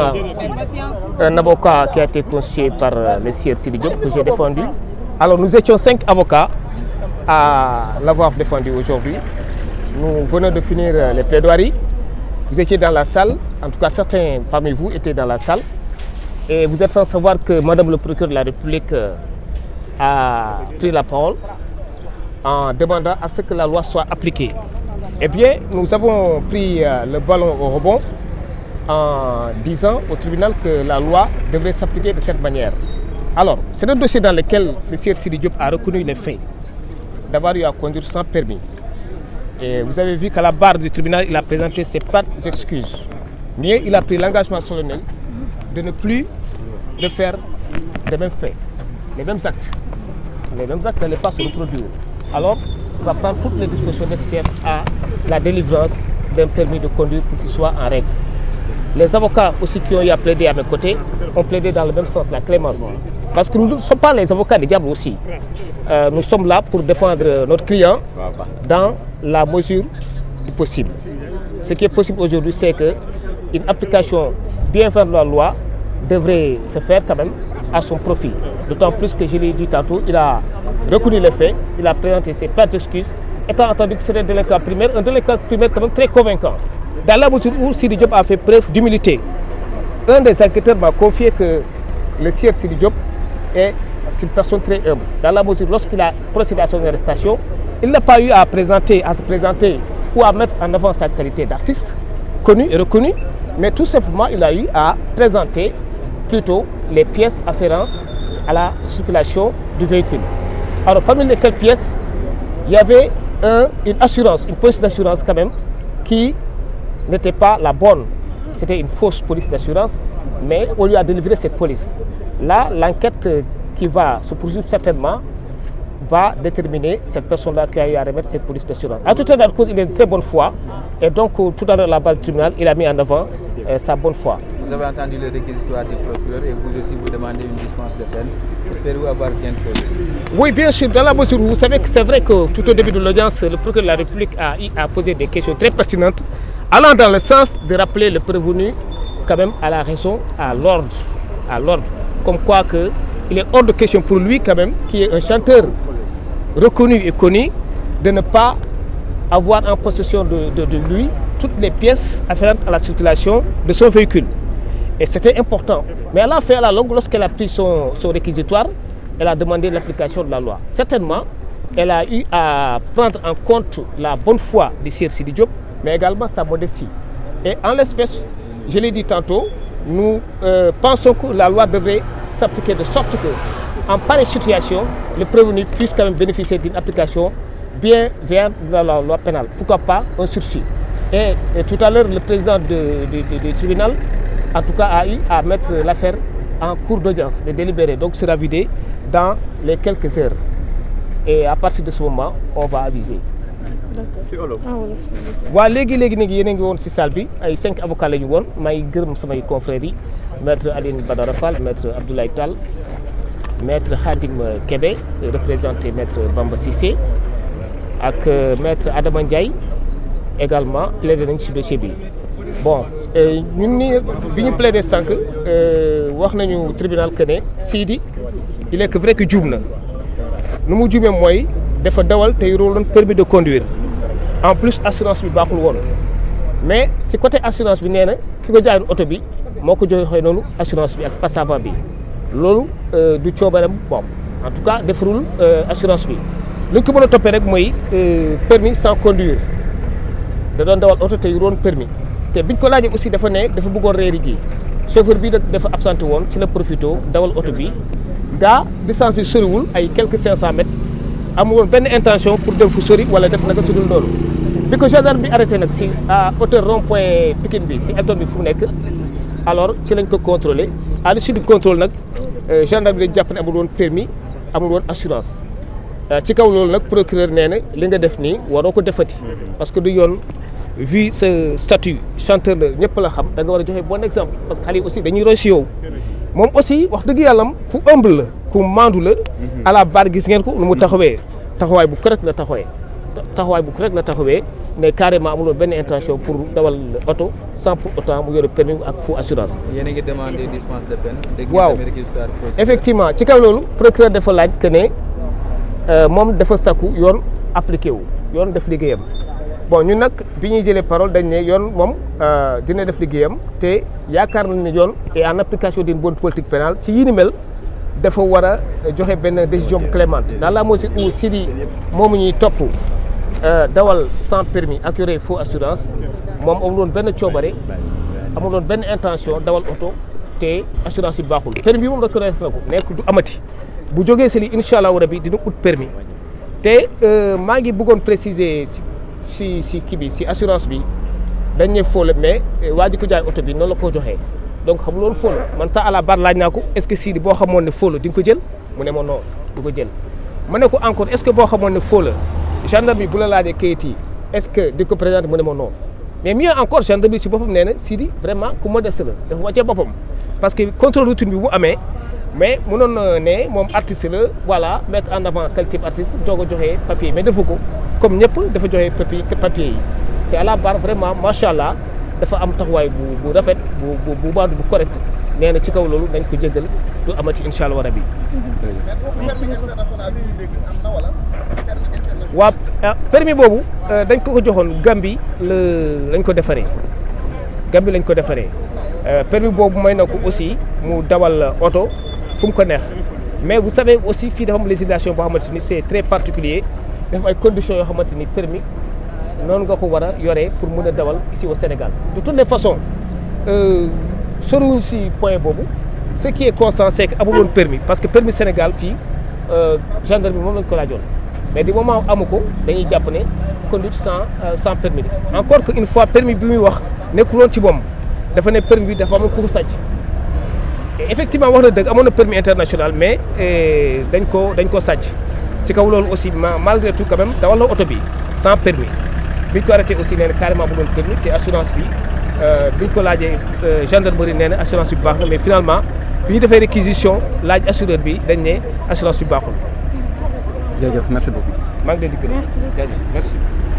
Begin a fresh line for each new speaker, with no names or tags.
Ah. un avocat qui a été constitué par euh, le sieur Sidi Diop que j'ai défendu. Alors nous étions cinq avocats à l'avoir défendu aujourd'hui. Nous venons de finir euh, les plaidoiries. Vous étiez dans la salle, en tout cas certains parmi vous étaient dans la salle. Et vous êtes savoir que Madame le procureur de la République euh, a pris la parole en demandant à ce que la loi soit appliquée. Eh nous avons pris le ballon au rebond en disant au tribunal que la loi devrait s'appliquer de cette manière. Alors, c'est un dossier dans lequel le sieur Sidi a reconnu les faits d'avoir eu à conduire sans permis. Et vous avez vu qu'à la barre du tribunal, il a présenté ses plates excuses. Mais il a pris l'engagement solennel de ne plus de faire les même faits, les mêmes actes. Les mêmes actes n'allaient pas se reproduire. Alors, on va prendre toutes les dispositions nécessaires à la délivrance d'un permis de conduire pour en règle. Les avocats aussi qui ont eu à plaider à mes côtés ont plaidé dans le même sens, la clémence. Parce que nous ne sommes pas les avocats des diables aussi. Euh, nous sommes là pour défendre notre client dans la mesure du possible. Ce qui est possible aujourd'hui, c'est qu'une application bien faite de la loi devrait se faire quand même à son profit. D'autant plus que je l'ai dit tantôt, il a reconnu les faits, il a présenté ses plates excuses, étant entendu que c'est Dans la mesure où Sidi Diop a fait preuve d'humilité, un des enquêteurs m'a confié que le sieur Sidi Diop est une personne très humble. Dans la mesure lorsqu'il a procédé à son arrestation, il n'a pas eu à présenter, à se présenter ou à mettre en avant sa qualité d'artiste connu et reconnu, mais tout simplement il a eu à présenter plutôt les pièces afférentes à la circulation du véhicule. Alors parmi lesquelles pièces, il y avait une assurance, une d'assurance quand même, n'était pas la bonne. C'était une fausse police d'assurance, mais on lui a délivré cette police. Là, l'enquête qui va se poursuivre certainement va déterminer cette personne-là qui a eu à remettre cette police d'assurance. À tout état euh, il a mis en avant euh, sa bonne foi. Vous avez entendu le réquisitoire du procureur et vous aussi, vous demandez une dispense de peine. espérez avoir bien fait Oui, bien sûr. Dans la mesure vous savez que c'est vrai allant dans le sens de rappeler le prévenu quand même à la raison, à l'ordre, Comme quoi que il est hors de question pour lui quand même, qui est un chanteur reconnu et connu, de ne pas avoir en possession de, de, de lui toutes les pièces afférentes à la circulation de son véhicule. Et c'était important. Mais elle a fait à la longue, lorsqu'elle a pris son, son réquisitoire, elle a demandé l'application de la loi. Certainement, elle a eu à prendre en compte la bonne foi de Sir Sidi Diop mais également sa modestie. Et en l'espèce, je l'ai dit tantôt, nous euh, pensons que la loi devrait s'appliquer de sorte que, en pareille situation, le prévenu puisse quand même bénéficier d'une application bien vers la loi pénale. Pourquoi pas un sursis et, tout à l'heure, le président du tribunal, en tout cas, a eu à mettre l'affaire en cours d'audience, de délibéré, donc sera vidé dans les quelques heures. Et à partir de ce moment, on va aviser. si olof ah, waaw léegi léegi nag yéen a ngi woon si salle bi ay cinq avocats la woon may gërëm samay confrères yi maître Aline Badara Fall maître Abdoulaye Tall maître Khadim Kébé représenté maître Bamba Cissé ak euh, maître Adama Ndiaye également plaidé nañ si dossier bi. bon euh, ñun ni bi ñu plaidé sànq euh, wax nañu tribunal que ne Sidi il est que vrai na nu mu juumee mooy. dafa dawal te yoroon permis de conduire en plus assurance bi baaxul woon mais si côté assurance bi nee na ki ko jaayoon oto bi moo ko joxee noonu assurance bi ak passe avant bi loolu euh, du coobareem bopp en tout cas defarul euh, assurance bi li ko mën a toppee rek mooy euh, permis sans conduire da doon dawal oto te yoroon permis te biñ ko laajee aussi dafa ne dafa bëggoon reeri ji chauffeur bi nag dafa absenté woon ci la profito dawal oto bi gaa distance bi soriwul ay quelques cinq cent mètres am woon benn intention pour dem fu sori wala def naka su dul loolu bi ko gendarme bi arrêté nag si à hauteur rond point Pikine bi si Elton bi fu nekk alors ci lañ ko contrôlé à l'issue du contrôle nag euh, gendarme bi dañ jàpp ne amul woon permis amul woon assurance euh, ci kaw loolu nag procureur nee na li nga def nii waroo ko defeti parce que du yoon vu sa statut chanteur la ñëpp la xam da nga war a joxe bon exemple parce que xale aussi dañuy roy si yow moom aussi wax dëgg yàllam ku ëmb la ku maandu la. Mhm. à la barre gis ngeen ko nu mu taxawee. taxawaay bu correct la taxawee. taxawaay bu correct la taxawee ne carrément amuloo benn intention pour dawal oto sans pour autant mu yore permis ak fu assurance. yéen a ngi demandé dispense de peine. waaw effectivement ci kaw loolu. procureur dafa laaj que ne euh, moom dafa sakku yoon appliqué wu yoon daf liggéeyam. bon ñun nag bi ñu jële parole dañ ne yoon moom euh, dina def liggéeyam te yaakaar nañ ne yoon et en application d'une bonne politique pénale ci yi ni dafa war a joxe benn décision bu clémente dans la mesure où Sidi moomu ñuy topp euh, dawal sans permis ak yore faux assurance moom amul woon benn coobare amul woon benn intention dawal oto te assurance yi baaxul permis bi moom reconnaître na ko nekk du amati bu jógee si li incha allahu rabi dina ut permis te euh, maa ngi bëggoon préciser si si kii bi si assurance bi dañ ne fóola mais eh, waa ji ko jaay oto bi noonu joxe ko joxee donc xam loolu man sax à la barre laaj naa ko est ce que boo xamoon ne fóola di nga ko jël mu ne ma non du ko jël ma ne ko encore est ce que boo xamoon ne fóola gendarme bi la laajee kayit yi est ce que di ko présenté mu ne ma non mais mieux encore gendarme bi si boppam nee na Sidi vraiment ku modeste la dafa wàccee boppam parce que contrôle routine bi bu amee mais mënoon na ne moom artiste la wala mettre en avant quel type artiste doog a joxee ko comme ñëpp dafa joxe papier yi te à la barre vraiment macha allah dafa am taxawaay bu bu rafet bu bu bu baax bu correct nee ci kaw loolu dañ ko jéggal du amati incha allah rabi. waaw ah, permis boobu euh, dañ ko ko joxoon Gambie la lañ ko defaree Gambie lañ ko defaree euh, permis boobu may na ko aussi mu dawal oto fu mu ko neex mais vous savez aussi fii dafa am législation boo xamante ni c'est très particulier dafa ay conditions yoo xamante ni permis noonu nga ko war a yoree pour mën a dawal ici au Sénégal de toutes les façons euh, soriwuñ si point boobu ce qui est constant c'est que amuloon permis parce que permis Sénégal fii euh, gendarme bi moom lañ ko laajoon mais du moment amu ko dañuy jàpp ne conduite sans euh, sans permis bi encore que une fois permis bi muy wax nekkuloon ci moom dafa ne permis bi dafa amoon ku ko sàcc effectivement wax na dëgg amoon na permis international mais dañ ko dañ ko sàcc ci kaw loolu aussi malgré tout quand même oto bi sans permis biñ ko arrêté aussi nee na carrément bu doon permis te assurance bi euh, biñ ko laajee euh, gendarmerie nee na assurance bi baax na mais finalement bi ñu defee réquisition laaj assureur bi dañ ne assurance bi baaxul. jërëjëf merci beaucoup. maa ngi leen di gërëm jërëjëf